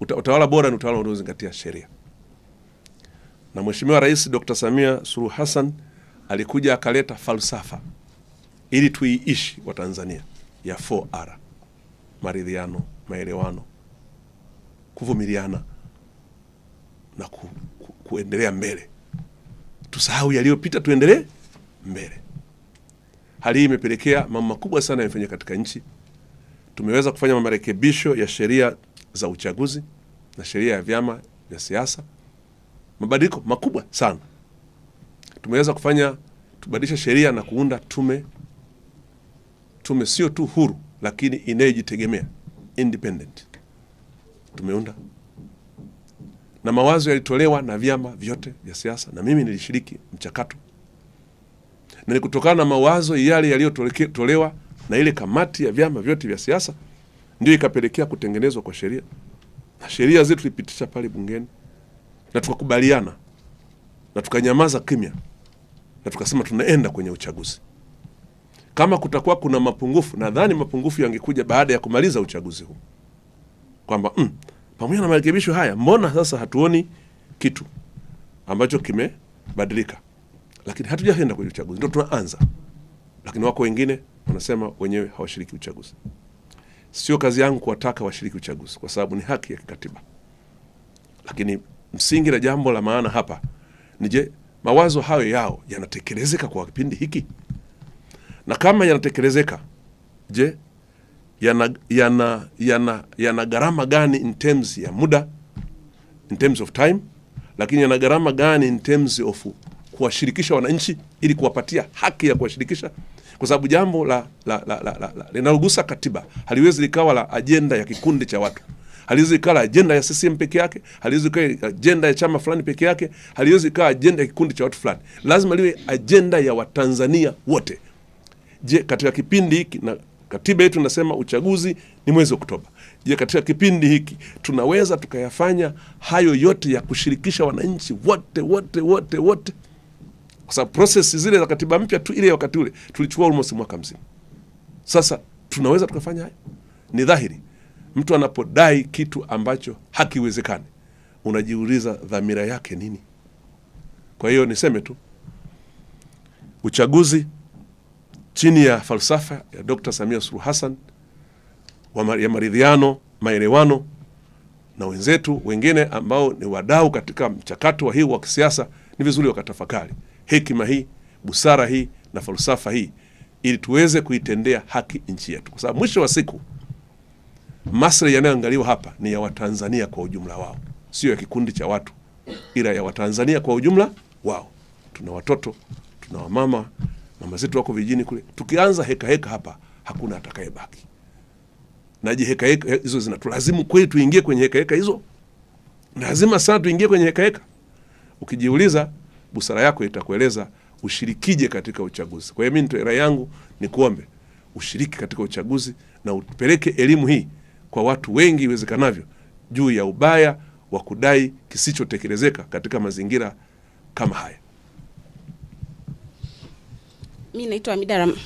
uta, utawala bora ni utawala unaozingatia sheria. Na Mheshimiwa Rais Dr. Samia Suluhu Hassan alikuja akaleta falsafa ili tuiishi wa Tanzania ya 4R: maridhiano, maelewano, kuvumiliana na ku, ku, kuendelea mbele. Tusahau yaliyopita, tuendelee mbele. Hali hii imepelekea mambo makubwa sana yamefanyika katika nchi. Tumeweza kufanya marekebisho ya sheria za uchaguzi na sheria ya vyama vya siasa. Mabadiliko makubwa sana tumeweza kufanya, tubadilisha sheria na kuunda tume, tume sio tu huru lakini inayojitegemea independent. Tumeunda na mawazo yalitolewa na vyama vyote vya siasa, na mimi nilishiriki mchakato, na ni kutokana na mawazo yale yaliyotolewa na ile kamati ya vyama vyote vya siasa ndio ikapelekea kutengenezwa kwa sheria, na sheria zetu tulipitisha pale bungeni na tukakubaliana na tukanyamaza kimya na tukasema tunaenda kwenye uchaguzi. Kama kutakuwa kuna mapungufu, nadhani mapungufu yangekuja baada ya kumaliza uchaguzi huu, kwamba mm, pamoja na marekebisho haya, mbona sasa hatuoni kitu ambacho kimebadilika? Lakini hatujaenda kwenye uchaguzi, ndio tunaanza. Lakini wako wengine wanasema wenyewe hawashiriki uchaguzi. Sio kazi yangu kuwataka washiriki uchaguzi, kwa sababu ni haki ya kikatiba. Lakini msingi na jambo la maana hapa ni je, mawazo hayo yao yanatekelezeka kwa kipindi hiki? Na kama yanatekelezeka, je, yana, yana, yana, yana gharama gani in terms ya muda, in terms of time, lakini yana gharama gani in terms of kuwashirikisha wananchi ili kuwapatia haki ya kuwashirikisha kwa sababu jambo la linalogusa katiba haliwezi likawa la ajenda ya kikundi cha watu, haliwezi likawa la ajenda ya CCM peke yake, haliwezi likawa ajenda ya chama fulani peke yake, haliwezi likawa ajenda ya kikundi cha watu fulani. Lazima liwe ajenda ya Watanzania wote. Je, katika kipindi hiki na katiba yetu inasema uchaguzi ni mwezi Oktoba. Je, katika kipindi hiki tunaweza tukayafanya hayo yote ya kushirikisha wananchi wote wote wote wote? kwa sababu process zile za katiba mpya tu ile wakati ule tulichukua almost mwaka mzima. Sasa tunaweza tukafanya hayo? Ni dhahiri mtu anapodai kitu ambacho hakiwezekani, unajiuliza dhamira yake nini? Kwa hiyo niseme tu uchaguzi chini ya falsafa ya Dr. Samia Suluhu Hassan ya maridhiano, maelewano na wenzetu wengine ambao ni wadau katika mchakato wa hii wa kisiasa, ni vizuri wakatafakari hekima hii, busara hii na falsafa hii, ili tuweze kuitendea haki nchi yetu, kwa sababu mwisho wa siku maslahi yanayoangaliwa hapa ni ya Watanzania kwa ujumla wao, sio ya kikundi cha watu, ila ya Watanzania kwa ujumla wao. Tuna watoto, tuna wamama, mama zetu wako vijijini kule. Tukianza heka heka hapa, hakuna atakayebaki. Na je, heka heka hizo zinatulazimu kweli tuingie kwenye heka heka hizo? Lazima sana tuingie kwenye heka heka? Ukijiuliza, busara yako itakueleza ushirikije katika uchaguzi. Kwa hiyo mimi nitoa rai yangu ni kuombe ushiriki katika uchaguzi na upeleke elimu hii kwa watu wengi iwezekanavyo juu ya ubaya wa kudai kisichotekelezeka katika mazingira kama haya. Mimi naitwa Amida Ram